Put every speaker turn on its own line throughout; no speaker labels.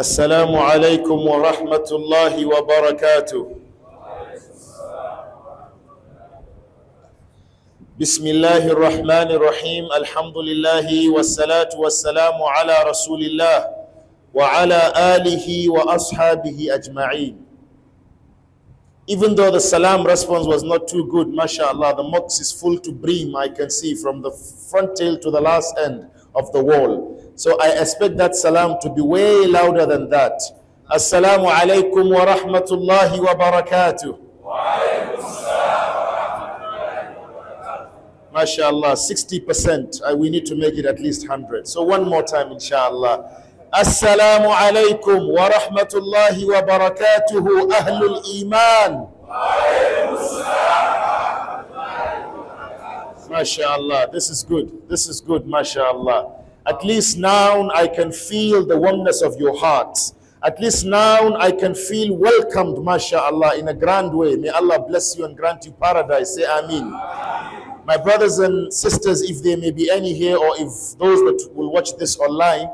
السلام عليكم ورحمة الله وبركاته بسم الله الرحمن الرحيم الحمد لله والصلاة والسلام على رسول الله وعلى آله وأصحابه أجمعين Even though the salam response was not too good, mashallah, the mosque is full to brim, I can see, from the front tail to the last end of the wall. So I expect that salam to be way louder than that. Assalamu alaikum wa rahmatullahi wa barakatuh. MashaAllah, 60%. we need to make it at least 100. So one more time, inshaAllah. Assalamu alaikum wa rahmatullahi wa barakatuhu ahlul iman. MashaAllah, this is good. This is good, MashaAllah. At least now I can feel the oneness of your hearts. At least now I can feel welcomed, mashallah, in a grand way. May Allah bless you and grant you paradise. Say Amin. My brothers and sisters, if there may be any here or if those that will watch this online,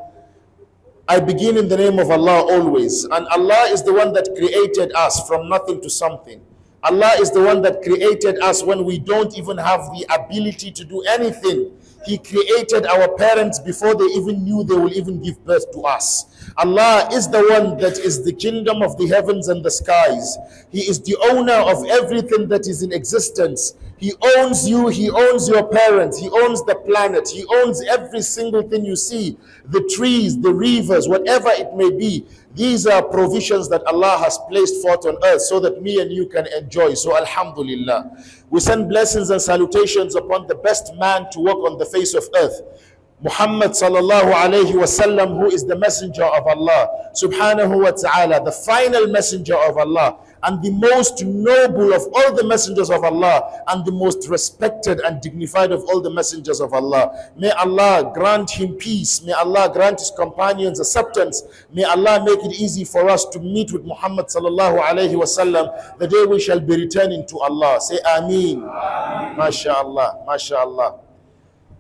I begin in the name of Allah always. And Allah is the one that created us from nothing to something. Allah is the one that created us when we don't even have the ability to do anything. He created our parents before they even knew they will even give birth to us. Allah is the one that is the kingdom of the heavens and the skies. He is the owner of everything that is in existence. He owns you, He owns your parents, He owns the planet, He owns every single thing you see the trees, the rivers, whatever it may be. These are provisions that Allah has placed forth on earth so that me and you can enjoy. So Alhamdulillah. We send blessings and salutations upon the best man to walk on the face of earth. Muhammad sallallahu alayhi wasallam, who is the messenger of Allah, subhanahu wa ta'ala, the final messenger of Allah and the most noble of all the messengers of Allah and the most respected and dignified of all the messengers of Allah. May Allah grant him peace. May Allah grant his companions acceptance. May Allah make it easy for us to meet with Muhammad sallallahu alayhi wasallam the day we shall be returning to Allah. Say Ameen. MashaAllah. MashaAllah.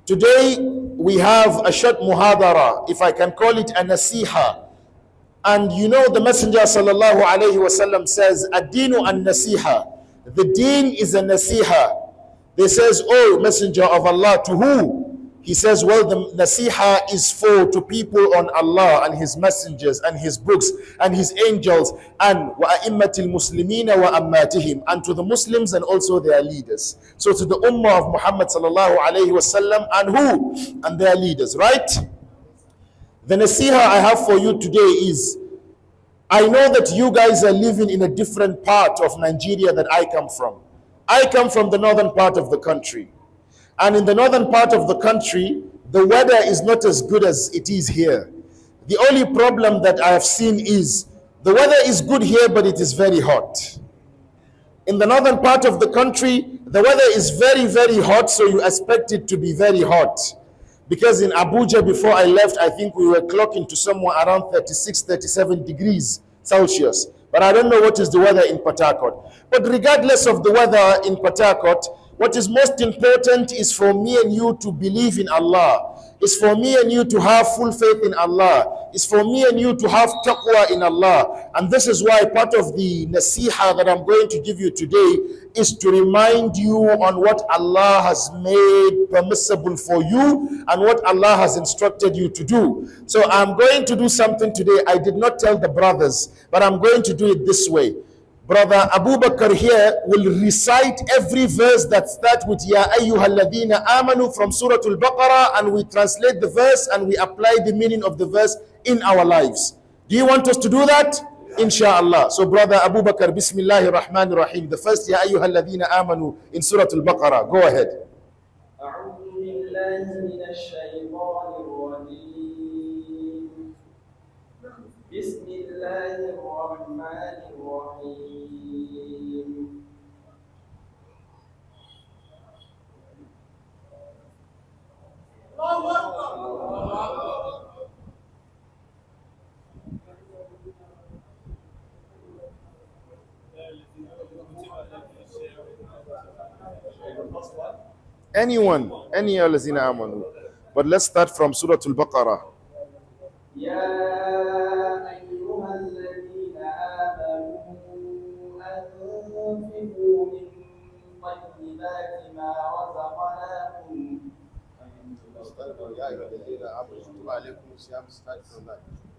Today we have a short muhadara, if I can call it a nasiha and you know the Messenger sallallahu alayhi wasallam says, "Adinu an-nasiha. The deen is a nasiha. They says, oh Messenger of Allah, to who? He says, well, the nasiha is for to people on Allah and His messengers and His books and His angels and wa'immatil muslimina wa ammatihim and to the Muslims and also their leaders. So to the ummah of Muhammad sallallahu alayhi wasallam and who? And their leaders, Right? The nasiha I have for you today is, I know that you guys are living in a different part of Nigeria that I come from. I come from the northern part of the country. And in the northern part of the country, the weather is not as good as it is here. The only problem that I have seen is the weather is good here, but it is very hot. In the northern part of the country, the weather is very, very hot, so you expect it to be very hot. Because in Abuja, before I left, I think we were clocking to somewhere around 36, 37 degrees Celsius. But I don't know what is the weather in Patakot. But regardless of the weather in Patakot, what is most important is for me and you to believe in Allah. It's for me and you to have full faith in Allah. It's for me and you to have taqwa in Allah. And this is why part of the nasiha that I'm going to give you today is to remind you on what Allah has made permissible for you and what Allah has instructed you to do. So I'm going to do something today. I did not tell the brothers, but I'm going to do it this way. Brother Abu Bakr here will recite every verse that starts with Ya ayyuhalladhina amanu from Surah Al-Baqarah and we translate the verse and we apply the meaning of the verse in our lives. Do you want us to do that? Inshallah. So brother Abu Bakr, Bismillahir Rahmanir Rahim. The first, Ya ayyuhal ladhina amanu in Surah Al-Baqarah. Go ahead.
بسم الله الرحمن الرحيم
الله أكبر anyone any الذين آمنوا but let's start from سورة البقرة
يا أيها الذين آمنوا أنفقوا من طيبات ما رزقناكم يا أيها الذين آمنوا عليكم الصيام start from that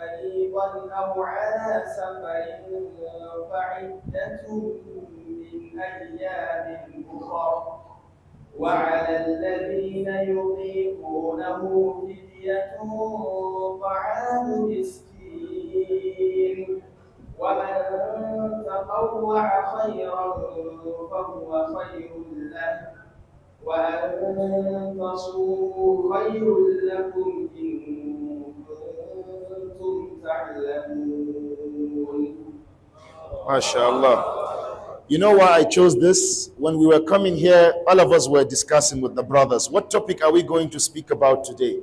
مريضا أو على سفر فعدة من أيام أخر وعلى الذين يطيقونه فدية طعام مسكين ومن تطوع خيرا فهو خير له وأن تصوموا خير لكم إن
MashaAllah. You know why I chose this? When we were coming here, all of us were discussing with the brothers, what topic are we going to speak about today?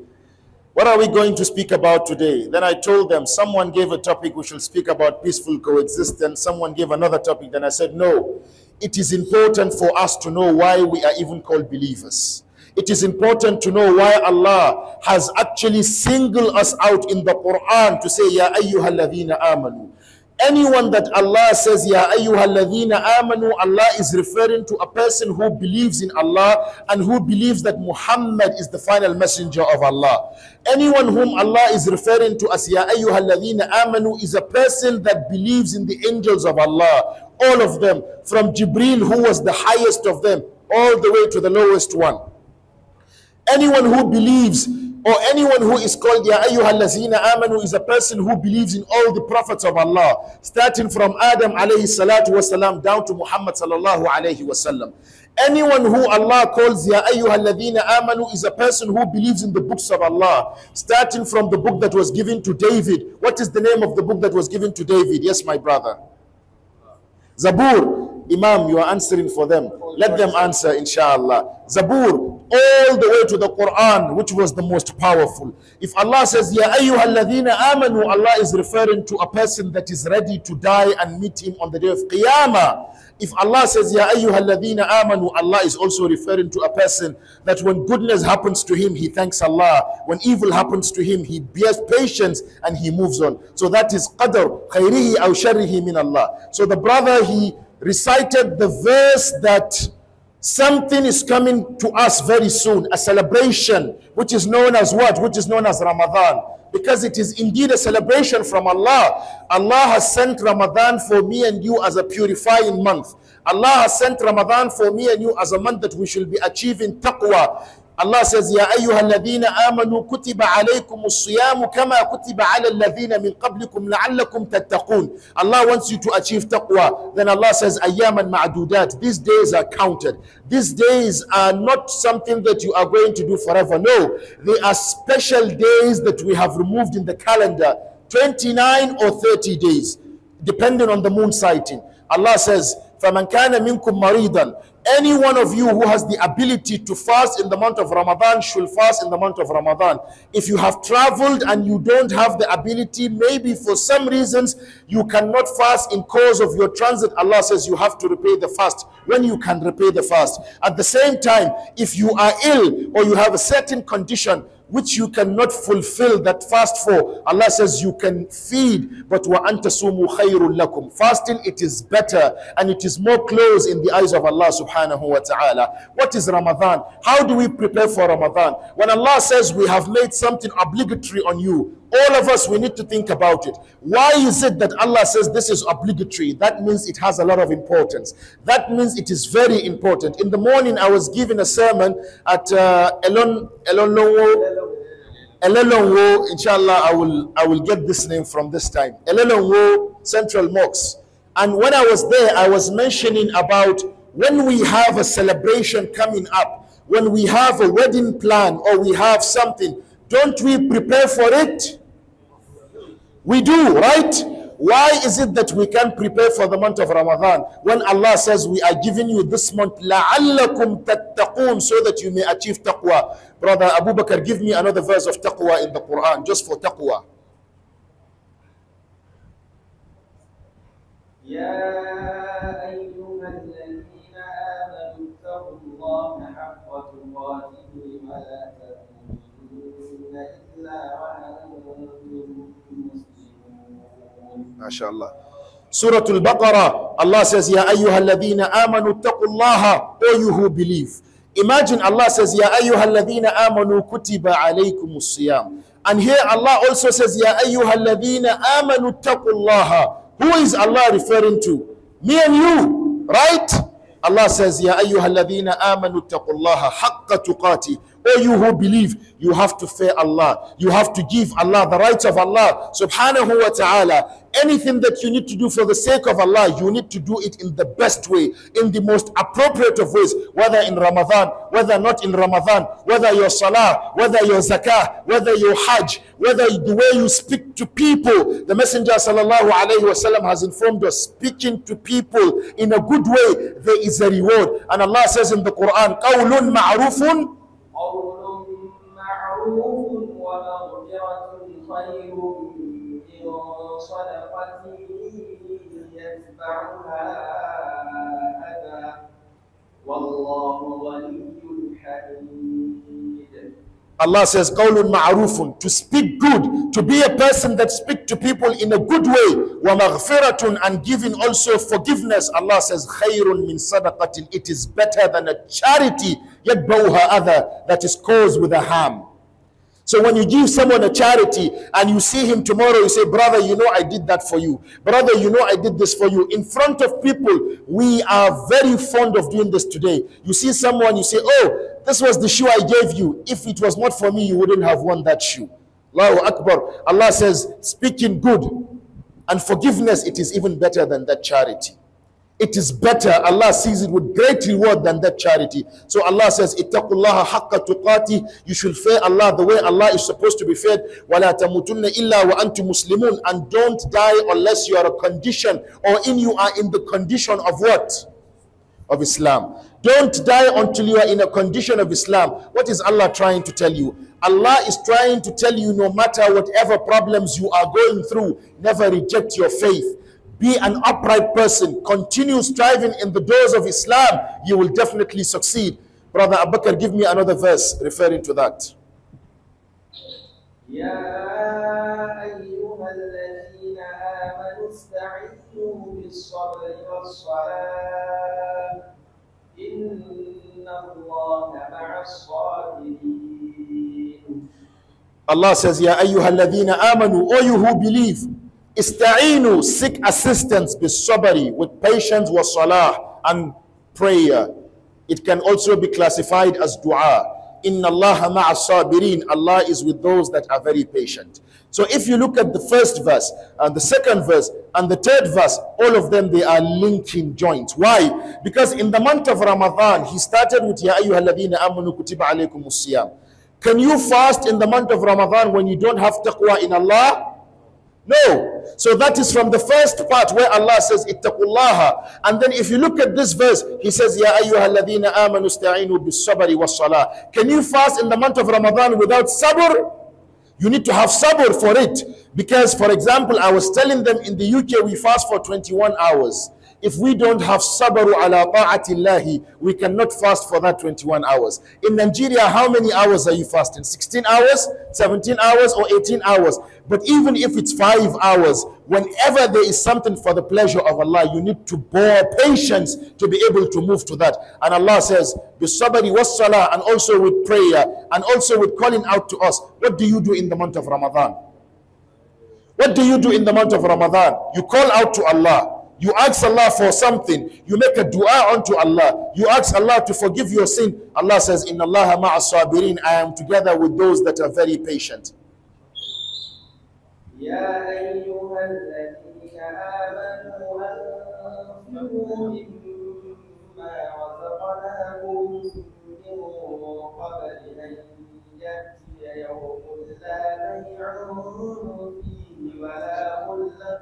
What are we going to speak about today? Then I told them, someone gave a topic we shall speak about peaceful coexistence. Someone gave another topic. Then I said, no, it is important for us to know why we are even called believers. It is important to know why Allah has actually singled us out in the Quran to say, Ya ayyuhalladhina amanu. Anyone that Allah says, Ya ayyuhalladhina amanu, Allah is referring to a person who believes in Allah and who believes that Muhammad is the final messenger of Allah. Anyone whom Allah is referring to as Ya ayyuhalladhina amanu is a person that believes in the angels of Allah. All of them, from Jibril, who was the highest of them, all the way to the lowest one. Anyone who believes or anyone who is called Ya ayyuhallazina amanu is a person who believes in all the prophets of Allah, starting from Adam alayhi salatu wasalam down to Muhammad sallallahu alayhi wasallam. Anyone who Allah calls Ya ayyuhallazina amanu is a person who believes in the books of Allah, starting from the book that was given to David. What is the name of the book that was given to David? Yes, my brother. Zabur. Imam, you are answering for them. Let them answer, inshallah. Zabur, all the way to the Quran, which was the most powerful. If Allah says, Ya ayyuhalladhina amanu, Allah is referring to a person that is ready to die and meet him on the day of Qiyamah. If Allah says, Ya ayyuhalladhina amanu, Allah is also referring to a person that when goodness happens to him, he thanks Allah. When evil happens to him, he bears patience and he moves on. So that is qadr, khayrihi aw sharrihi min Allah. So the brother, he recited the verse that something is coming to us very soon, a celebration, which is known as what? Which is known as Ramadan. Because it is indeed a celebration from Allah. Allah has sent Ramadan for me and you as a purifying month. Allah has sent Ramadan for me and you as a month that we shall be achieving taqwa. Allah says, Ya ayyuhalladhina amanu kutiba alaykum siyamu kama kutiba ala alladhina min qablikum la'allakum tattaqun. Allah wants you to achieve taqwa. Then Allah says, Ayyaman ma'dudat. These days are counted. These days are not something that you are going to do forever. No, they are special days that we have removed in the calendar. 29 or 30 days, depending on the moon sighting. Allah says, فَمَنْ كَانَ مِنْكُمْ مَرِيضًا any one of you who has the ability to fast in the month of Ramadan should fast in the month of Ramadan. If you have traveled and you don't have the ability, maybe for some reasons you cannot fast in cause of your transit, Allah says you have to repay the fast when you can repay the fast. At the same time, if you are ill or you have a certain condition, which you cannot fulfill that fast for. Allah says you can feed, but wa antasumu khayrul lakum. Fasting, it is better and it is more close in the eyes of Allah subhanahu wa ta'ala. What is Ramadan? How do we prepare for Ramadan? When Allah says we have made something obligatory on you, all of us, we need to think about it. Why is it that Allah says this is obligatory? That means it has a lot of importance. That means it is very important. In the morning, I was giving a sermon at uh, Elon, Elonwo, Elelonwo, inshallah, I will, I will get this name from this time. Elelonwo Central Mosque. And when I was there, I was mentioning about when we have a celebration coming up, when we have a wedding plan or we have something, don't we prepare for it? We do, right? Why is it that we can prepare for the month of Ramadan when Allah says we are giving you this month لَعَلَّكُمْ تَتَّقُونَ so that you may achieve taqwa. Brother Abu Bakr, give me another verse of taqwa in the Quran, just for taqwa. Allah. Suratul Baqarah, Allah says, Ya ayyuhalladhina amanu taqullaha, O you who believe. Imagine Allah says, Ya ayyuhalladhina amanu kutiba alaykumus siyam. And here Allah also says, Ya ayyuhalladhina amanu taqullaha. Who is Allah referring to? Me and you, right? Allah says, Ya ayyuhalladhina amanu taqullaha haqqa tuqati. O you who believe, you have to fear Allah. You have to give Allah the rights of Allah subhanahu wa ta'ala. Anything that you need to do for the sake of Allah, you need to do it in the best way, in the most appropriate of ways, whether in Ramadan, whether not in Ramadan, whether your salah, whether your zakah, whether your hajj, whether the way you speak to people. The Messenger sallallahu alayhi wasallam has informed us speaking to people in a good way, there is a reward. And Allah says in the Quran, قَوْلٌ مَعْرُوفٌ
قول معروف ومغفرة خير من صدقة يتبعها أذى والله غني حليم
Allah says, Qawlun ma'arufun, to speak good, to be a person that speak to people in a good way. Wa maghfiratun, and giving also forgiveness. Allah says, "Khairun min sadaqatin, it is better than a charity, yet her other, that is caused with a harm. So when you give someone a charity and you see him tomorrow, you say, Brother, you know I did that for you. Brother, you know I did this for you. In front of people, we are very fond of doing this today. You see someone, you say, Oh, this was the shoe I gave you. If it was not for me, you wouldn't have won that shoe. Allahu Akbar. Allah says, Speaking good and forgiveness, it is even better than that charity. It is better. Allah sees it with great reward than that charity. So Allah says, tuqati. You should fear Allah the way Allah is supposed to be feared. وَلَا illa wa antum muslimun. And don't die unless you are a condition or in you are in the condition of what? Of Islam. Don't die until you are in a condition of Islam. What is Allah trying to tell you? Allah is trying to tell you no matter whatever problems you are going through, never reject your faith. Be an upright person. Continue striving in the doors of Islam. You will definitely succeed. Brother Abakar, give me another verse referring to that. Allah says, "Ya أيها الذين amanu, O you who believe, Ista'inu, seek assistance, be sabari, with patience, wa salah, and prayer. It can also be classified as dua. Inna Allah ma'a sabirin. Allah is with those that are very patient. So if you look at the first verse and the second verse and the third verse, all of them, they are linking joints. Why? Because in the month of Ramadan, he started with Ya ayyuhalladhina amanu kutiba alaykum Can you fast in the month of Ramadan when you don't have taqwa in Allah? No. So that is from the first part where Allah says, Ittaqullaha. And then if you look at this verse, He says, Ya ayyuhaladina amanu sta'inu sabari was salah. Can you fast in the month of Ramadan without sabr? You need to have sabr for it. Because, for example, I was telling them in the UK we fast for 21 hours. If we don't have sabaru ala ta'atillahi, we cannot fast for that 21 hours. In Nigeria, how many hours are you fasting? 16 hours, 17 hours, or 18 hours? But even if it's five hours, whenever there is something for the pleasure of Allah, you need to bear patience to be able to move to that. And Allah says, somebody was salah, and also with prayer, and also with calling out to us. What do you do in the month of Ramadan? What do you do in the month of Ramadan? You call out to Allah. You ask Allah for something. You make a dua unto Allah. You ask Allah to forgive your sin. Allah says, In Allah sabirin, I am together with those that are very patient.
يوم لا بيع فيه
ولا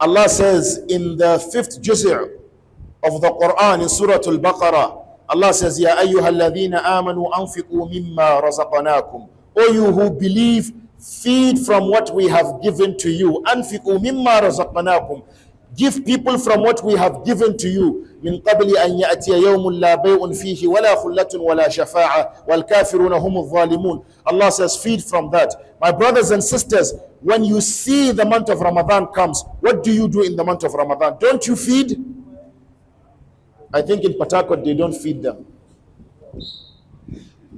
Allah says in the fifth juz' of the Quran in Surah Al-Baqarah Allah says Ya ayyuha alladhina amanu anfiqu mimma razaqanakum. O you who believe feed from what we have given to you Anfiqu mimma razaqanakum. Give people from what we have given to you. من قبل أن يأتي يوم لا بيع فيه ولا خلة ولا شفاعة والكافرون هم الظالمون. Allah says, feed from that. My brothers and sisters, when you see the month of Ramadan comes, what do you do in the month of Ramadan? Don't you feed? I think in Patakot they don't feed them.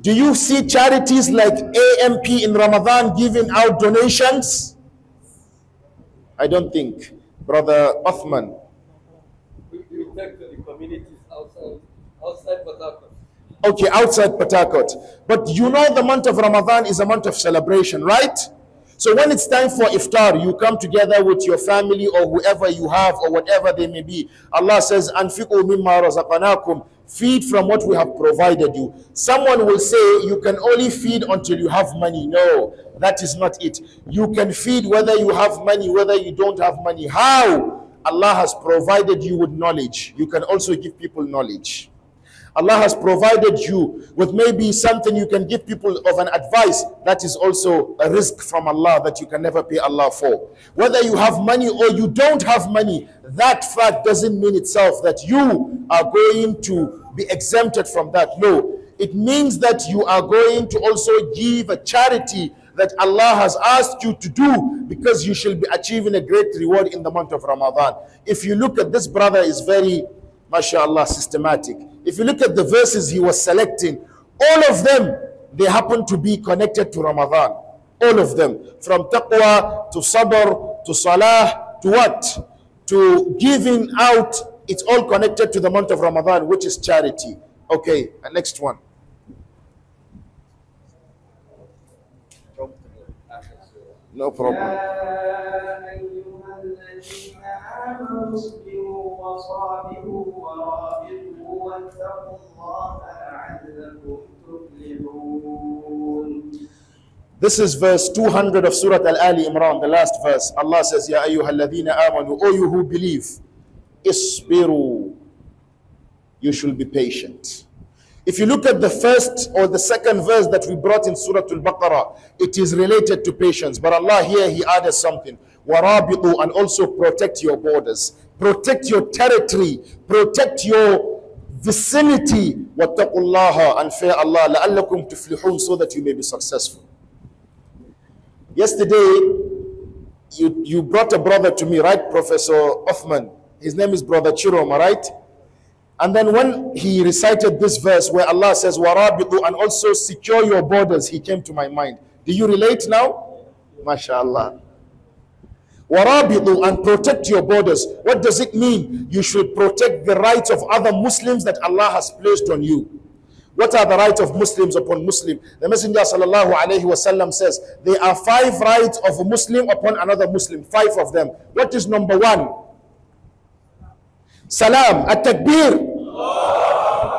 Do you see charities like AMP in Ramadan giving out donations? I don't think. Brother Othman.
We, protect the communities outside, outside Patakot.
Okay, outside Patakot. But you know the month of Ramadan is a month of celebration, right? So when it's time for iftar, you come together with your family or whoever you have or whatever they may be. Allah says, Feed from what we have provided you. Someone will say, you can only feed until you have money. No, that is not it. You can feed whether you have money, whether you don't have money. How? Allah has provided you with knowledge. You can also give people knowledge. Allah has provided you with maybe something you can give people of an advice that is also a risk from Allah that you can never pay Allah for. Whether you have money or you don't have money, that fact doesn't mean itself that you are going to be exempted from that. No, it means that you are going to also give a charity that Allah has asked you to do because you shall be achieving a great reward in the month of Ramadan. If you look at this brother is very, mashallah, systematic. If you look at the verses he was selecting, all of them, they happen to be connected to Ramadan. All of them. From taqwa to sabr to salah to what? To giving out. It's all connected to the month of Ramadan, which is charity. Okay, next one. No problem. الذين آمنوا اصبروا وصابروا ورابطوا واتقوا الله لعلكم تفلحون This is verse 200 of Surah Al-Ali Imran, the last verse. Allah says, Ya ayyuhalladhina amanu, O you who believe, isbiru, you should be patient. If you look at the first or the second verse that we brought in Surah Al-Baqarah, it is related to patience. But Allah here, He added something warabitu, and also protect your borders, protect your territory, protect your vicinity, wattaqullaha, and fear Allah, la'allakum tuflihun, so that you may be successful. Yesterday, you, you brought a brother to me, right, Professor Othman? His name is Brother Chirom, right? And then when he recited this verse where Allah says, Warabitu, and also secure your borders, he came to my mind. Do you relate now? MashaAllah. Warabidu and protect your borders. What does it mean? You should protect the rights of other Muslims that Allah has placed on you. What are the rights of Muslims upon Muslim? The Messenger sallallahu alayhi wasallam says, there are five rights of a Muslim upon another Muslim, five of them. What is number one? Salam, at-takbir,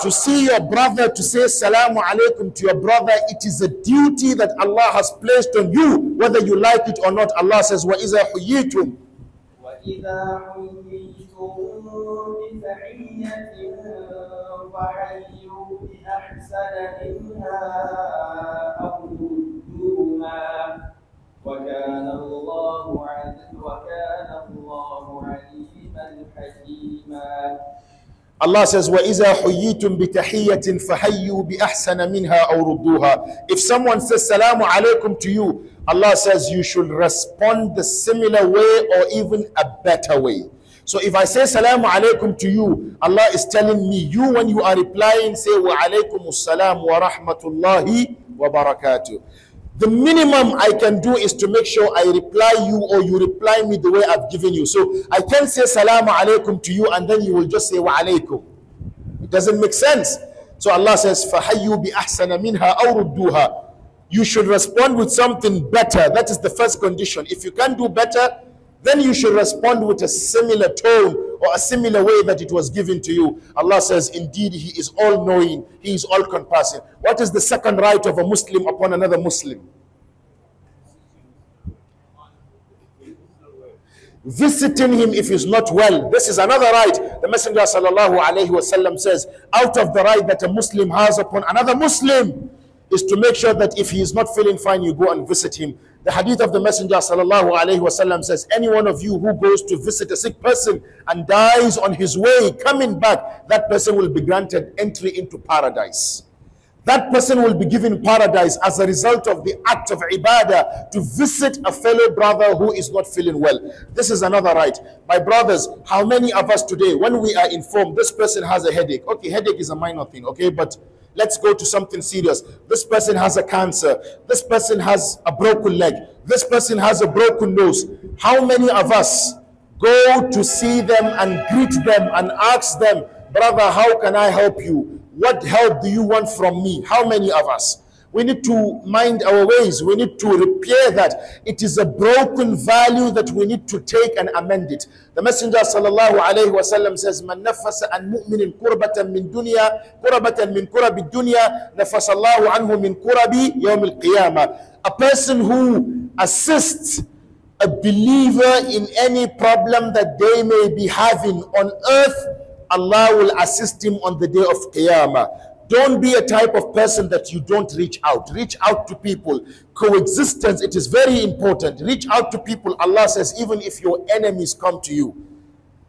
to see your brother, to say salamu alaykum to your brother, it is a duty that Allah has placed on you, whether you like it or not. Allah says, وَإِذَا حُيِّيتُمْ
وَإِذَا حُيِّيتُمْ بِتَحِيَّةٍ وَكَانَ اللَّهُ
Allah says, وَإِذَا حُيِّيتُم بِتَحِيَّةٍ فَحَيُّوا بِأَحْسَنَ مِنْهَا أَوْ رُدُّوهَا If someone says, Salamu alaykum to you, Allah says, you should respond the similar way or even a better way. So if I say Salamu alaykum to you, Allah is telling me, you when you are replying, say, وَعَلَيْكُمُ السَّلَامُ وَرَحْمَةُ اللَّهِ وَبَرَكَاتُهُ the minimum I can do is to make sure I reply you or you reply me the way I've given you. So I can say salamu alaykum to you and then you will just say wa alaykum. It doesn't make sense. So Allah says, فَحَيُّوا بِأَحْسَنَ مِنْهَا أَوْ رُدُّوهَا You should respond with something better. That is the first condition. If you can do better, then you should respond with a similar tone or a similar way that it was given to you. Allah says, indeed, He is all-knowing. He is all-compassing. What is the second right of a Muslim upon another Muslim? Visiting him if he's not well. This is another right. The Messenger wasallam says, out of the right that a Muslim has upon another Muslim is to make sure that if he is not feeling fine, you go and visit him. The hadith of the Messenger wasallam says, Any one of you who goes to visit a sick person and dies on his way, coming back, that person will be granted entry into paradise. That person will be given paradise as a result of the act of ibadah to visit a fellow brother who is not feeling well. This is another right. My brothers, how many of us today, when we are informed this person has a headache? Okay, headache is a minor thing, okay, but Let's go to something serious. This person has a cancer. This person has a broken leg. This person has a broken nose. How many of us go to see them and greet them and ask them, brother, how can I help you? What help do you want from me? How many of us? We need to mind our ways. We need to repair that. It is a broken value that we need to take and amend it. The Messenger sallallahu alayhi wa sallam says, من نفس عن مؤمن كربة من دنيا كربة من كرب الدنيا نفس الله عنه من كرب يوم القيامة. A person who assists a believer in any problem that they may be having on earth, Allah will assist him on the day of Qiyamah. Don't be a type of person that you don't reach out. Reach out to people. Coexistence, it is very important. Reach out to people. Allah says, even if your enemies come to you.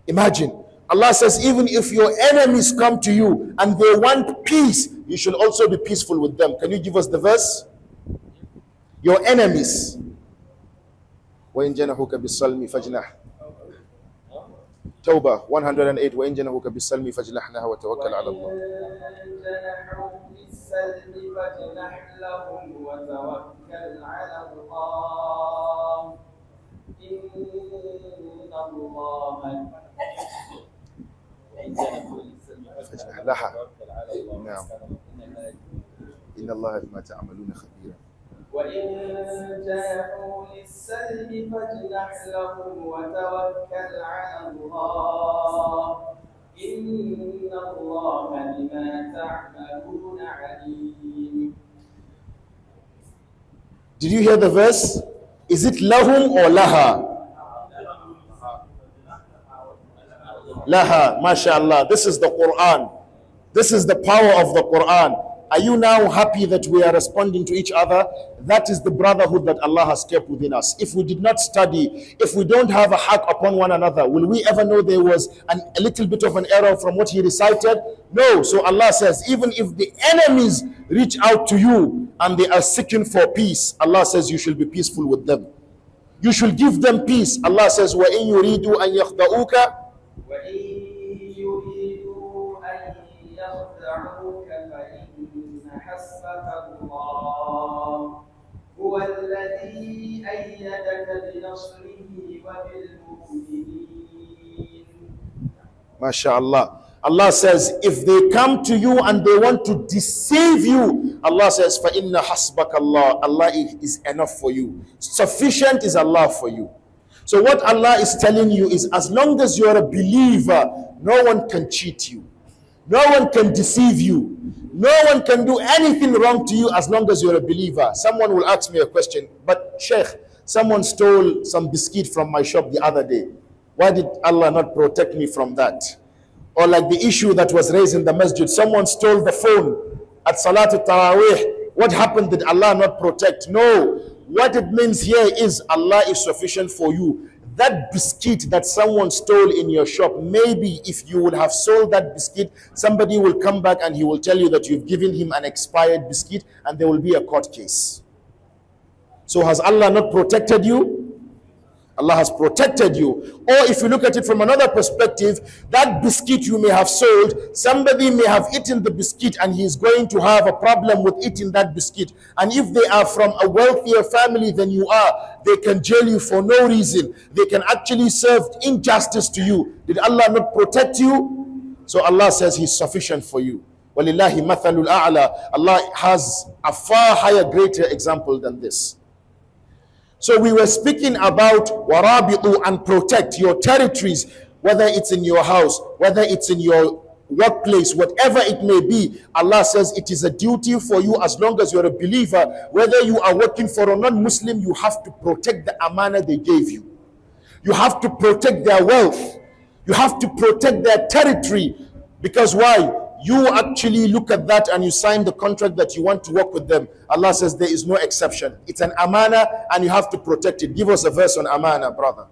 Imagine. Allah says, even if your enemies come to you and they want peace, you should also be peaceful with them. Can you give us the verse? Your enemies. وَإِن بِالسَّلْمِ توبة 108 وإن بالسلم فاجنحناها وتوكل على الله
بالسلم فاجنح لهم وتوكل على الله إن الله فاجنح لها نعم
إن الله بما تعملون خبيرا
وإن للسلم فاجنح لهم وتوكل على الله إن الله بما تعملون
عليم Did you hear the verse? Is it lahum or laha? Laha, mashallah. This is the Quran. This is the power of the Quran. Are you now happy that we are responding to each other? That is the brotherhood that Allah has kept within us. If we did not study, if we don't have a hack upon one another, will we ever know there was an, a little bit of an error from what he recited? No. So Allah says, even if the enemies reach out to you and they are seeking for peace, Allah says you shall be peaceful with them. You should give them peace. Allah says, وَإِن يُرِيدُوا أَن
يَخْدَعُوكَ الله هو الذي أيدك بنصره وبالمؤمنين
ما شاء الله Allah says, if they come to you and they want to deceive you, Allah says, فَإِنَّ حَسْبَكَ اللَّهُ Allah is enough for you. Sufficient is Allah for you. So what Allah is telling you is, as long as you're a believer, no one can cheat you. No one can deceive you. No one can do anything wrong to you as long as you're a believer. Someone will ask me a question, but Sheikh, someone stole some biscuit from my shop the other day. Why did Allah not protect me from that? Or like the issue that was raised in the masjid, someone stole the phone at al Tarawih. What happened? Did Allah not protect? No. What it means here is Allah is sufficient for you that biscuit that someone stole in your shop, maybe if you would have sold that biscuit, somebody will come back and he will tell you that you've given him an expired biscuit and there will be a court case. So has Allah not protected you? Allah has protected you. Or if you look at it from another perspective, that biscuit you may have sold, somebody may have eaten the biscuit and he is going to have a problem with eating that biscuit. And if they are from a wealthier family than you are, they can jail you for no reason. They can actually serve injustice to you. Did Allah not protect you? So Allah says He's sufficient for you. وَلِلَّهِ Allah has a far higher, greater example than this. So we were speaking about warabitu and protect your territories, whether it's in your house, whether it's in your workplace, whatever it may be, Allah says it is a duty for you as long as you're a believer, whether you are working for a non-Muslim, you have to protect the amana they gave you. You have to protect their wealth. You have to protect their territory. Because why? you actually look at that and you sign the contract that you want to work with them. Allah says there is no exception. It's an amana and you have to protect it. Give us a verse on amana, brother.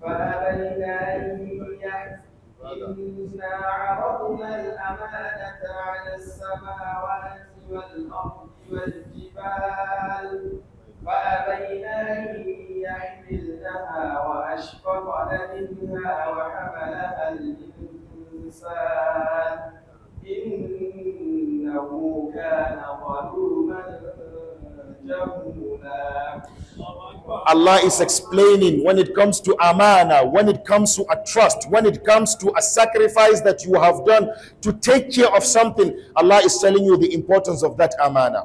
فأبين أن إنا عرضنا الأمانة على السماوات والأرض والجبال فأبينا أن يحملنها وأشفقن منها وحملها الإنسان إنه كان ظلوما
Allah is explaining when it comes to amana, when it comes to a trust, when it comes to a sacrifice that you have done to take care of something, Allah is telling you the importance of that amana.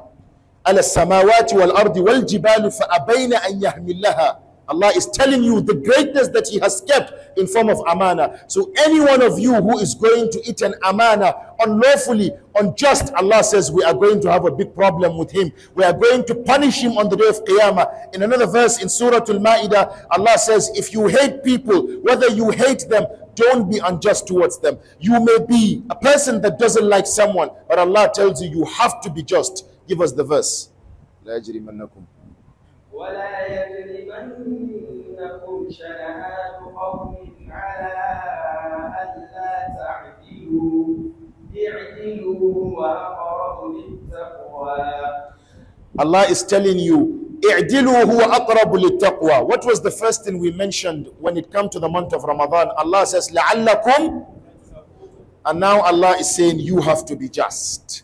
Allah is telling you the greatness that He has kept in form of amana. So any one of you who is going to eat an amana unlawfully, unjust, Allah says we are going to have a big problem with him. We are going to punish him on the day of Qiyamah. In another verse in Surah Al-Ma'idah, Allah says, if you hate people, whether you hate them, don't be unjust towards them. You may be a person that doesn't like someone, but Allah tells you, you have to be just. Give us the verse. ولا يجرمنكم
شنآن قوم على ألا تعدلوا اعدلوا وأقرب للتقوى
Allah is telling you, اعدلوا هو أقرب للتقوى. What was the first thing we mentioned when it came to the month of Ramadan? Allah says, لعلكم And now Allah is saying, you have to be just.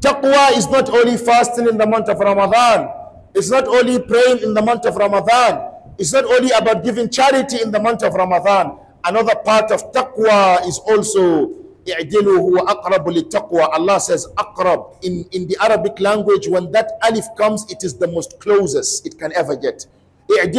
Taqwa is not only fasting in the month of Ramadan. It's not only praying in the month of Ramadan. It's not only about giving charity in the month of Ramadan. Another part of taqwa is also Allah says aqrab. In, in the Arabic language, when that alif comes, it is the most closest it can ever get. It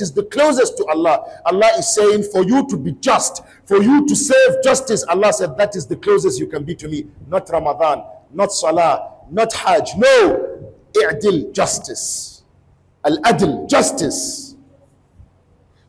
is the closest to Allah. Allah is saying for you to be just, for you to save justice. Allah said that is the closest you can be to me. Not Ramadan, not Salah, not Hajj. No, I'dil, justice. Al-adil, justice.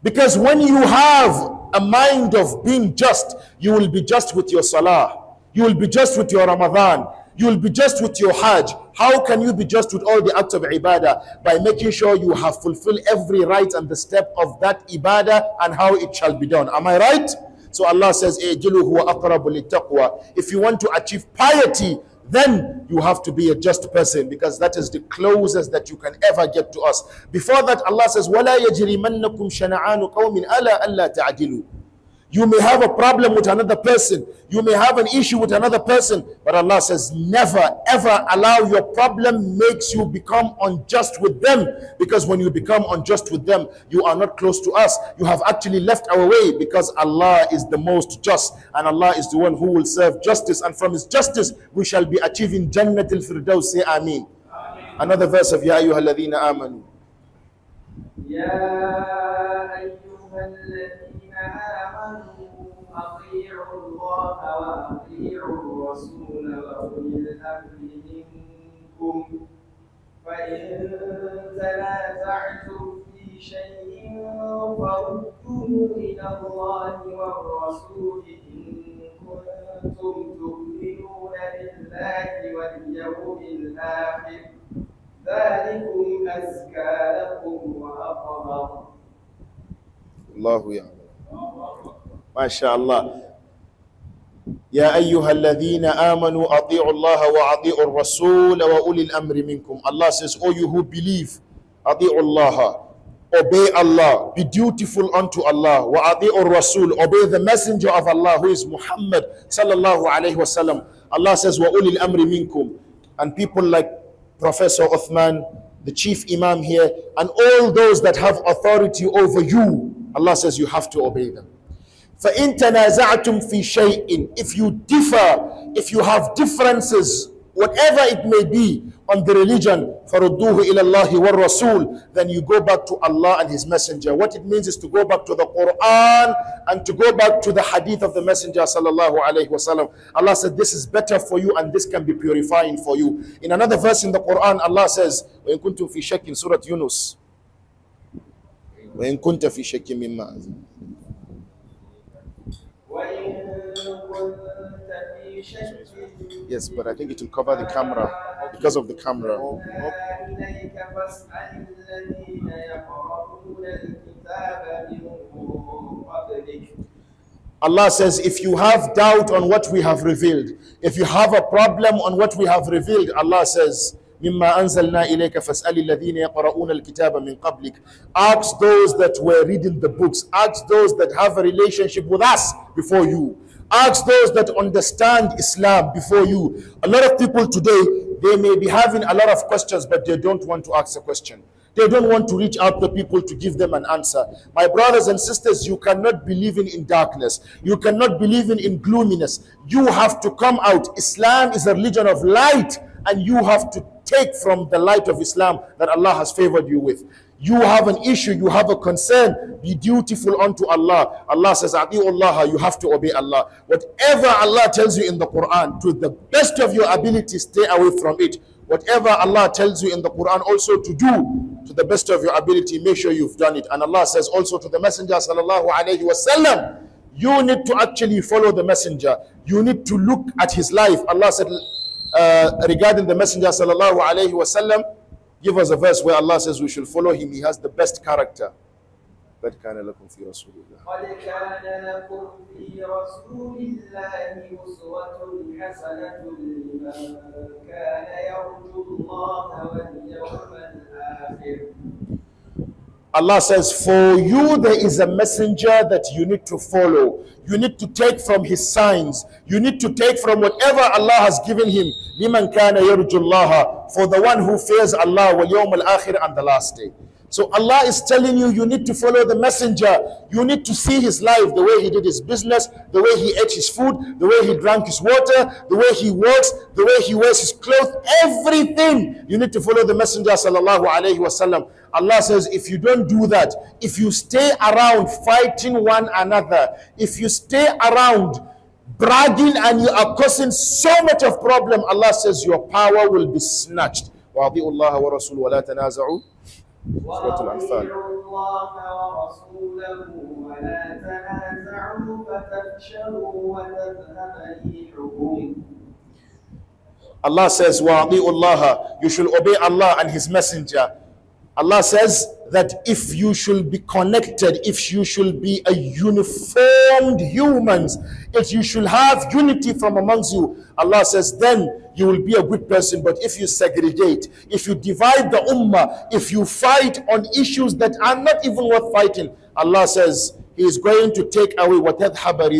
Because when you have a mind of being just, you will be just with your salah. You will be just with your Ramadan. You will be just with your Hajj. How can you be just with all the acts of ibadah? By making sure you have fulfilled every right and the step of that ibadah and how it shall be done. Am I right? So Allah says, If you want to achieve piety, then you have to be a just person because that is the closest that you can ever get to us. Before that, Allah says, وَلَا يَجْرِمَنَّكُمْ شَنَعَانُ قَوْمٍ أَلَا أَلَّا تَعْدِلُوا you may have a problem with another person. You may have an issue with another person. But Allah says, never, ever allow your problem makes you become unjust with them. Because when you become unjust with them, you are not close to us. You have actually left our way because Allah is the most just. And Allah is the one who will serve justice. And from His justice, we shall be achieving Jannat al-Firdaus. Say Ameen. Another verse of Ya ayyuha alladhina amanu. Ya ayyuha آمنوا أطيعوا
الله وأطيعوا الرسول وأولي الأمر منكم فإن تنازعتم في شيء فردوه إلى الله والرسول إن كنتم تؤمنون بالله واليوم الآخر ذلكم أزكى لكم وأفضل
الله يعلم يعني. الله يا أيها الذين آمنوا أطيعوا الله وأطيعوا الرسول وأولي الأمر منكم Allah says, O you who believe, أطيعوا الله Obey Allah, be dutiful unto Allah. وَأَطِيعُ الرَّسُولُ Obey the messenger of Allah who is Muhammad sallallahu alayhi wasallam. Allah says, وَأُولِي الْأَمْرِ مِنْكُمْ And people like Professor Uthman, the chief imam here, and all those that have authority over you, Allah says you have to obey them. فَإِن تَنَازَعْتُمْ فِي شَيْءٍ If you differ, if you have differences, whatever it may be on the religion, فَرُدُّوهُ إِلَى اللَّهِ وَالرَّسُولِ Then you go back to Allah and His Messenger. What it means is to go back to the Quran and to go back to the hadith of the Messenger sallallahu wasallam. Allah said, this is better for you and this can be purifying for you. In another verse in the Quran, Allah says, وَإِن كُنْتُمْ فِي شَكٍ Surah Yunus. وَإِن كُنْتَ فِي شَكٍ مِمَّا Yes, but I think it will cover the camera because of the camera. Allah says, if you have doubt on what we have revealed, if you have a problem on what we have revealed, Allah says, مما أنزلنا إليك فاسأل الذين يقرؤون الكتاب من قبلك Ask those that were reading the books. Ask those that have a relationship with us before you. Ask those that understand Islam before you. A lot of people today, they may be having a lot of questions, but they don't want to ask a question. They don't want to reach out to people to give them an answer. My brothers and sisters, you cannot be living in darkness. You cannot be living in gloominess. You have to come out. Islam is a religion of light, and you have to take from the light of Islam that Allah has favored you with. You have an issue, you have a concern, be dutiful unto Allah. Allah says, Allah, you have to obey Allah. Whatever Allah tells you in the Quran, to the best of your ability, stay away from it. Whatever Allah tells you in the Quran also to do, to the best of your ability, make sure you've done it. And Allah says also to the Messenger, sallallahu alayhi wasallam, you need to actually follow the Messenger. You need to look at his life. Allah said uh, regarding the Messenger, sallallahu alayhi wasallam, give us a verse where Allah says we should follow him. He has the best character. But kana lakum fi rasulillah.
Thank you.
Allah says, For you there is a messenger that you need to follow. You need to take from his signs. You need to take from whatever Allah has given him. لِمَنْ كَانَ يَرْجُ اللَّهَ For the one who fears Allah, وَالْيَوْمَ الْآخِرِ And the last day. So Allah is telling you, you need to follow the messenger. You need to see his life, the way he did his business, the way he ate his food, the way he drank his water, the way he works, the way he wears his clothes, everything. You need to follow the messenger sallallahu alayhi wasallam. Allah says, if you don't do that, if you stay around fighting one another, if you stay around bragging and you are causing so much of problem, Allah says your power will be snatched. وَعَضِئُ اللَّهَ وَرَسُولُهُ وَلَا تَنَازَعُوا Allah says, Wa Allah, you should obey Allah and His Messenger Allah says that if you should be connected, if you should be a uniformed humans, if you should have unity from amongst you, Allah says, then you will be a good person. But if you segregate, if you divide the ummah, if you fight on issues that are not even worth fighting, Allah says, He is going to take away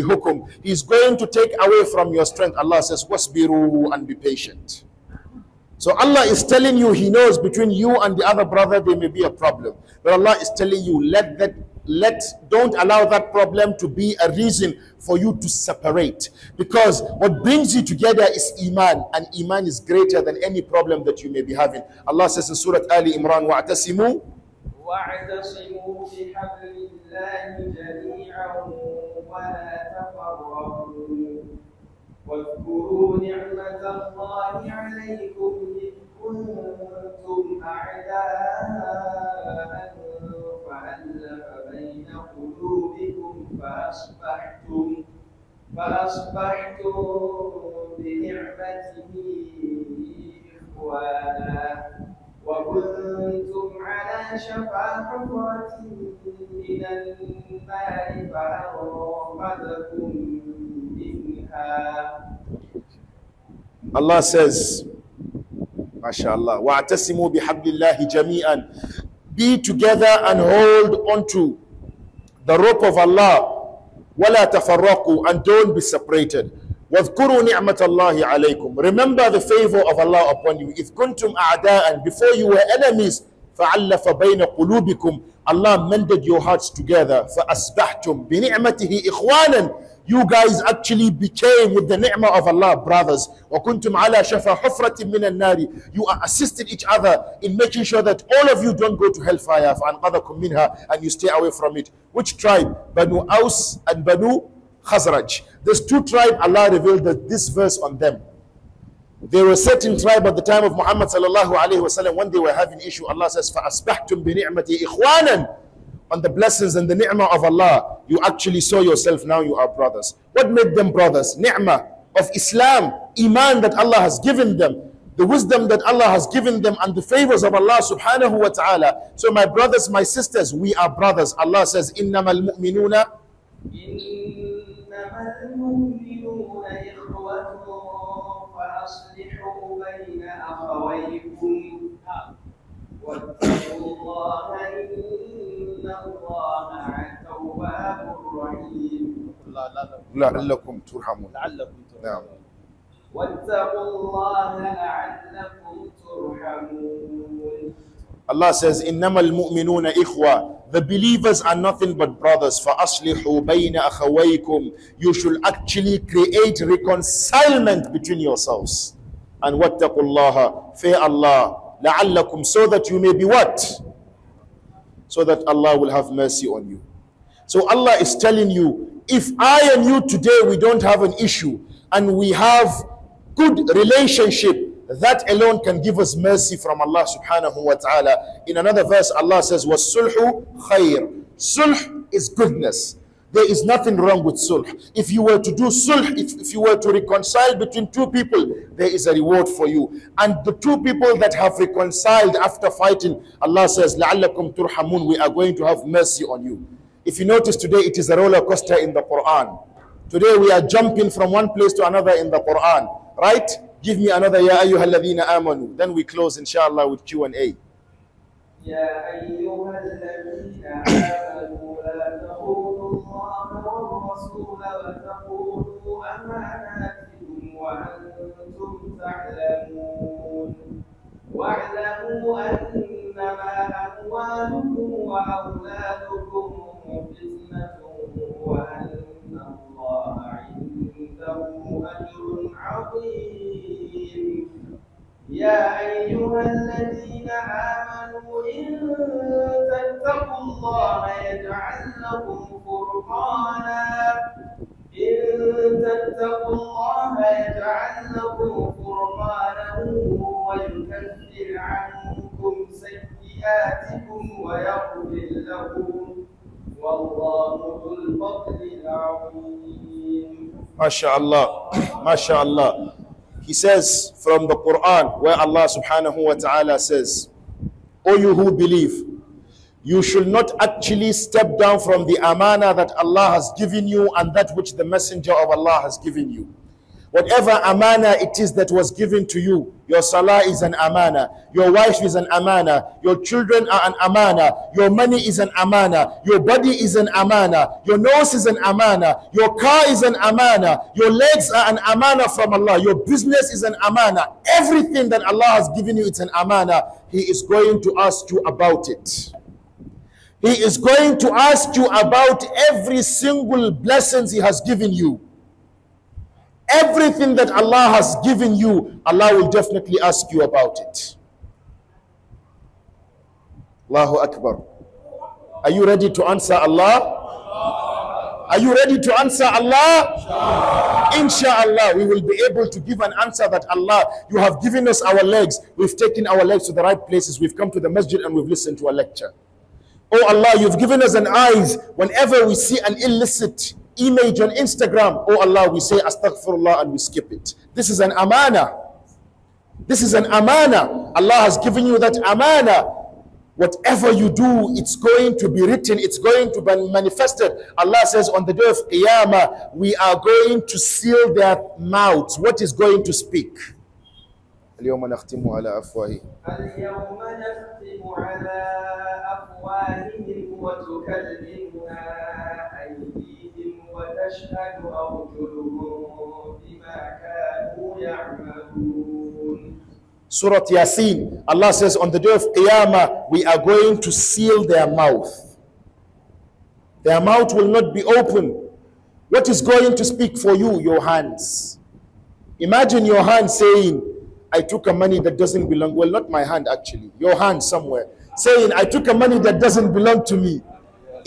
hukum. He is going to take away from your strength. Allah says, wasbiru and be patient. So Allah is telling you He knows between you and the other brother there may be a problem. But Allah is telling you, let that let don't allow that problem to be a reason for you to separate because what brings you together is iman and iman is greater than any problem that you may be having allah says in surah ali imran wa'tasimu
واعتصموا بحبل الله جميعا ولا تفرقوا واذكروا نعمة الله عليكم إن كنتم أعداء فألف بين قلوبكم فأصبحتم فأصبحتم بنعمته إخوانا وكنتم على شفا حفرة من النار فأنقذكم
Allah says, MashaAllah, وَاعْتَسِمُوا بِحَبْلِ اللَّهِ جَمِيعًا Be together and hold onto the rope of Allah. وَلَا تَفَرَّقُوا And don't be separated. وَاذْكُرُوا نِعْمَةَ اللَّهِ عَلَيْكُمْ Remember the favor of Allah upon you. If kuntum a'da'an, before you were enemies, فَعَلَّفَ بَيْنَ قُلُوبِكُمْ Allah mended your hearts together. فَأَصْبَحْتُمْ بِنِعْمَتِهِ إِخْوَانًا you guys actually became with the ni'mah of Allah, brothers. وَكُنْتُمْ عَلَى شَفَى حُفْرَةٍ مِّنَ النَّارِ You are assisting each other in making sure that all of you don't go to hellfire فَأَنْقَذَكُمْ مِنْهَا And you stay away from it. Which tribe? Banu Aus and Banu Khazraj. There's two tribes Allah revealed this verse on them. There were certain tribe at the time of Muhammad sallallahu alayhi wasallam when they were having issue. Allah says, On the blessings and the ni'mah of Allah. You actually saw yourself now you are brothers. What made them brothers? Ni'mah of Islam, Iman that Allah has given them, the wisdom that Allah has given them, and the favors of Allah subhanahu wa ta'ala. So, my brothers, my sisters, we are brothers. Allah says, إِنَّمَا الْمُؤْمِنُونَ
واتقوا
لعلكم ترحمون نعم
واتقوا الله لعلكم ترحمون
Allah says, إنما المؤمنون إخوة. The believers are nothing but brothers. فَأَصْلِحُوا بَيْنَ أَخَوَيْكُمْ You should actually create reconcilement between yourselves. And وَاتَّقُوا اللَّهَ Fear Allah. لَعَلَّكُمْ So that you may be what? So that Allah will have mercy on you. So Allah is telling you, if I and you today, we don't have an issue and we have good relationship, that alone can give us mercy from Allah subhanahu wa ta'ala. In another verse, Allah says, وَالسُّلْحُ Khayr. Sulh is goodness. There is nothing wrong with sulh. If you were to do sulh, if, if you were to reconcile between two people, there is a reward for you. And the two people that have reconciled after fighting, Allah says, لَعَلَّكُمْ تُرْحَمُونَ We are going to have mercy on you. If you notice today, it is a roller coaster in the Quran. Today we are jumping from one place to another in the Quran, right? Give me another Ya ayyuhal ladhina amanu. Then we close inshallah with Q&A.
إنما أموالكم وأولادكم فتنة وأن الله عنده أجر عظيم يا أيها الذين آمنوا إن تتقوا الله يجعل لكم فرقانا إن تتقوا الله يجعل لكم فرقانا ويكفر عنكم سيئاتكم ويغفر لكم والله ذو الفضل العظيم
ما شاء الله ما شاء الله He says from the Quran where Allah subhanahu wa ta'ala says, O you who believe, you should not actually step down from the amana that Allah has given you and that which the messenger of Allah has given you. Whatever amana it is that was given to you, your salah is an amana, your wife is an amana, your children are an amana, your money is an amana, your body is an amana, your nose is an amana, your car is an amana, your legs are an amana from Allah, your business is an amana. Everything that Allah has given you, is an amana. He is going to ask you about it. He is going to ask you about every single blessings He has given you. Everything that Allah has given you, Allah will definitely ask you about it. Allahu Akbar. Are you ready to answer Allah? Are you ready to answer Allah? Inshallah, we will be able to give an answer that Allah, you have given us our legs. We've taken our legs to the right places. We've come to the masjid and we've listened to a lecture. Oh Allah, you've given us an eyes. Whenever we see an illicit image on Instagram, oh Allah, we say astaghfirullah and we skip it. This is an amana. This is an amana. Allah has given you that amana. Whatever you do, it's going to be written, it's going to be manifested. Allah says on the day of Qiyamah, we are going to seal their mouths. What is going to speak? اليوم نختم على أفواههم اليوم نختم على أفواههم وتكلمنا أيديهم وتشهد أرجلهم بما كانوا يعملون Surah Yasin, Allah says, On the day of Qiyamah, we are going to seal their mouth. Their mouth will not be open. What is going to speak for you? Your hands. Imagine your hand saying, I took a money that doesn't belong, well, not my hand actually, your hand somewhere, saying, I took a money that doesn't belong to me.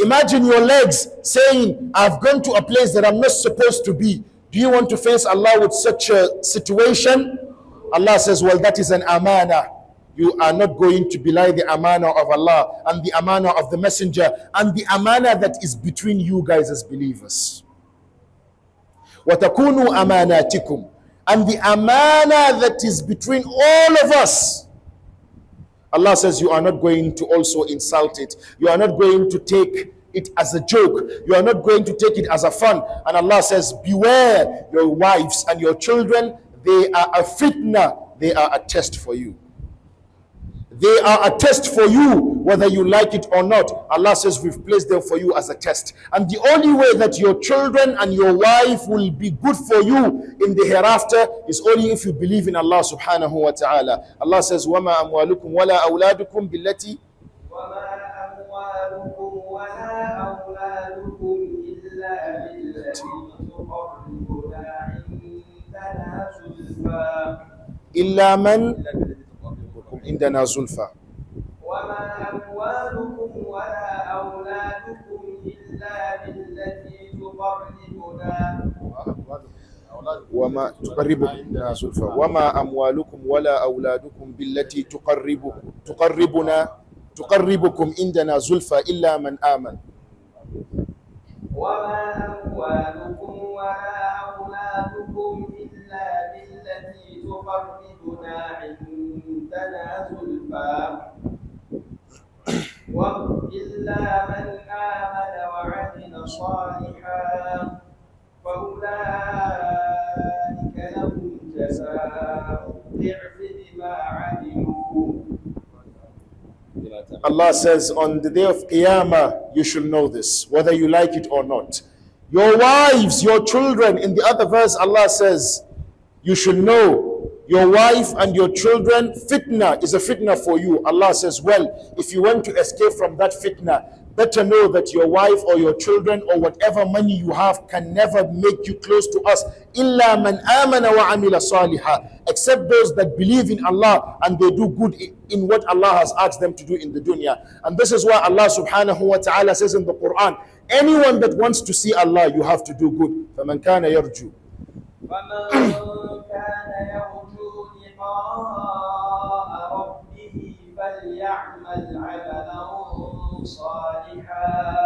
Imagine your legs saying, I've gone to a place that I'm not supposed to be. Do you want to face Allah with such a situation? Allah says, Well, that is an amana. You are not going to belie the amana of Allah and the amana of the Messenger and the amana that is between you guys as believers. وَتَكُونُوا أَمَانَاتِكُمْ and the amana that is between all of us. Allah says, You are not going to also insult it. You are not going to take it as a joke. You are not going to take it as a fun. And Allah says, Beware your wives and your children. They are a fitna, they are a test for you. They are a test for you, whether you like it or not. Allah says, We've placed them for you as a test. And the only way that your children and your wife will be good for you in the hereafter is only if you believe in Allah subhanahu wa ta'ala. Allah says, وَمَا أَمْوَالُكُمْ وَلَا أَوْلَادُكُمْ بِالَّتِي إلا من عندنا زلفى وما أموالكم ولا أولادكم
إلا بالتي تقربنا
وما تقربنا زلفى وما أموالكم ولا أولادكم بالتي تقرب تقربنا تقربكم عندنا زلفى إلا من آمن
وما أموالكم
ولا
أولادكم إلا بالتي تقربنا عندنا إلا من آمن وعمل صالحا
فأولئك لهم جزاء الضعف بما عملوا Allah says, On the day of Qiyamah, you should know this, whether you like it or not. Your wives, your children, in the other verse, Allah says, You should know your wife and your children. Fitna is a fitna for you. Allah says, well, if you want to escape from that fitna, better know that your wife or your children or whatever money you have can never make you close to us. Illa man amana wa amila Except those that believe in Allah and they do good in what Allah has asked them to do in the dunya. And this is why Allah subhanahu wa ta'ala says in the Quran, anyone that wants to see Allah, you have to do good. فَمَنْ كَانَ يَرْجُو ربه فليعمل عملا
صالحا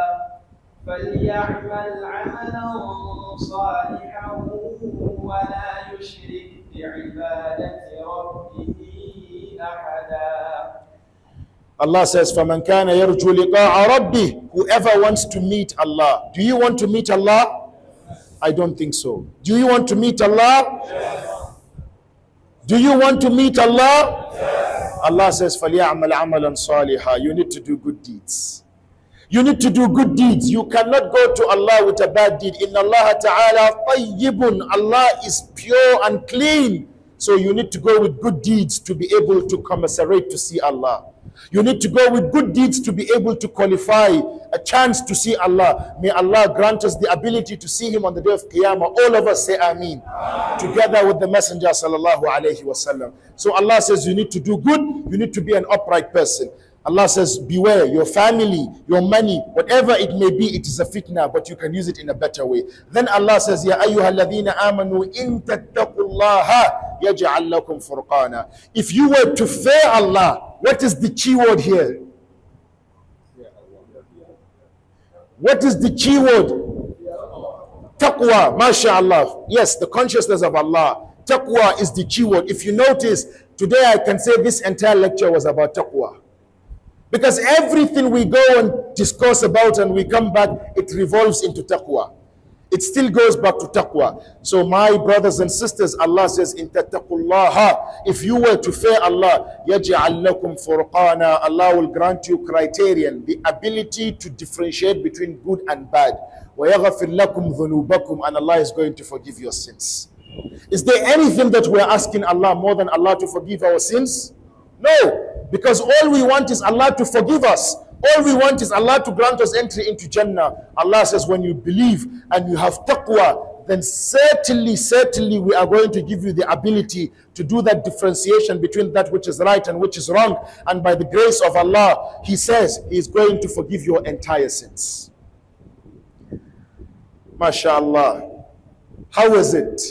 فليعمل عملا صالحا
ولا يشرك بعبادة ربه أحدا Allah says, فَمَنْ كَانَ يَرْجُو لِقَاءَ رَبِّهِ Whoever wants to meet Allah. Do you want to meet Allah? I don't think so. Do you want to meet Allah? Yes. Do you want to meet Allah? Allah says, فَلْيَعْمَلْ عَمَلًا صَالِحًا You need to do good deeds. You need to do good deeds. You cannot go to Allah with a bad deed. In Allah ta'ala tayyibun. Allah is pure and clean. So you need to go with good deeds to be able to commiserate to see Allah. You need to go with good deeds to be able to qualify a chance to see Allah. May Allah grant us the ability to see Him on the day of Qiyamah. All of us say Ameen. Together with the Messenger sallallahu wasallam. So Allah says you need to do good. You need to be an upright person. Allah says, Beware your family, your money, whatever it may be, it is a fitna, but you can use it in a better way. Then Allah says, Ya ayyuhaladina amanu in tattaqullaha yaj'al lakum furqana. If you were to fear Allah, what is the key word here? What is the key word? Taqwa, mashallah. Yes, the consciousness of Allah. Taqwa is the key word. If you notice, today I can say this entire lecture was about taqwa. Because everything we go and discuss about and we come back, it revolves into taqwa. It still goes back to taqwa. So my brothers and sisters, Allah says, in if you were to fear Allah, yaj'al furqana, Allah will grant you criterion, the ability to differentiate between good and bad. وَيَغَفِرْ لَكُمْ ذُنُوبَكُمْ And Allah is going to forgive your sins. Is there anything that we're asking Allah more than Allah to forgive our sins? No, because all we want is Allah to forgive us. All we want is Allah to grant us entry into Jannah. Allah says, when you believe and you have taqwa, then certainly, certainly we are going to give you the ability to do that differentiation between that which is right and which is wrong. And by the grace of Allah, He says He is going to forgive your entire sins. MashaAllah. How is it?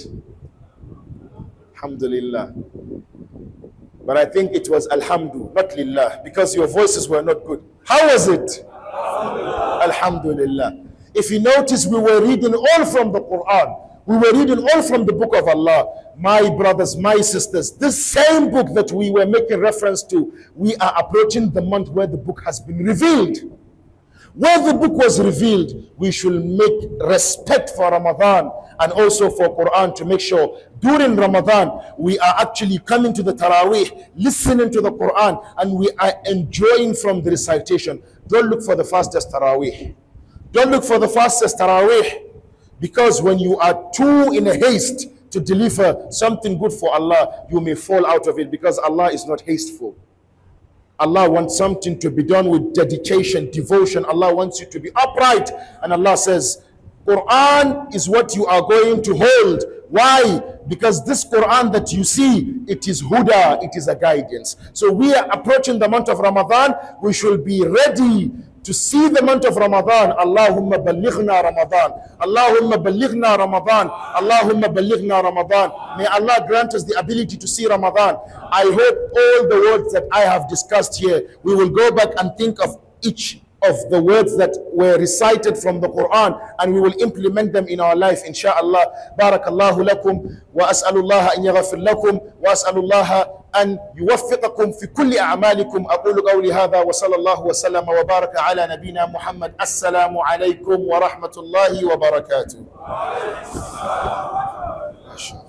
Alhamdulillah. But I think it was Alhamdu, not Lillah, because your voices were not good. How was it? Alhamdulillah. Alhamdulillah. If you notice, we were reading all from the Quran. We were reading all from the book of Allah. My brothers, my sisters, this same book that we were making reference to, we are approaching the month where the book has been revealed where the book was revealed, we should make respect for Ramadan and also for Quran to make sure during Ramadan we are actually coming to the Taraweeh, listening to the Quran, and we are enjoying from the recitation. Don't look for the fastest Taraweeh. Don't look for the fastest Taraweeh because when you are too in a haste to deliver something good for Allah, you may fall out of it because Allah is not hasteful. Allah wants something to be done with dedication, devotion. Allah wants you to be upright. And Allah says, Quran is what you are going to hold. Why? Because this Quran that you see, it is huda, it is a guidance. So we are approaching the month of Ramadan. We should be ready to see the month of Ramadan. Allahumma balighna Ramadan. Allahumma balighna Ramadan. Allahumma balighna Ramadan. May Allah grant us the ability to see Ramadan. I hope all the words that I have discussed here, we will go back and think of each of the words that were recited from the Quran and we will implement them in our life inshallah barakallahu lakum wa as'alullah an yaghfir lakum wa as'alullah أن يوفقكم في كل أعمالكم أقول قولي هذا وصلى الله وسلم وبارك على نبينا محمد السلام wa ورحمة wa
barakatuh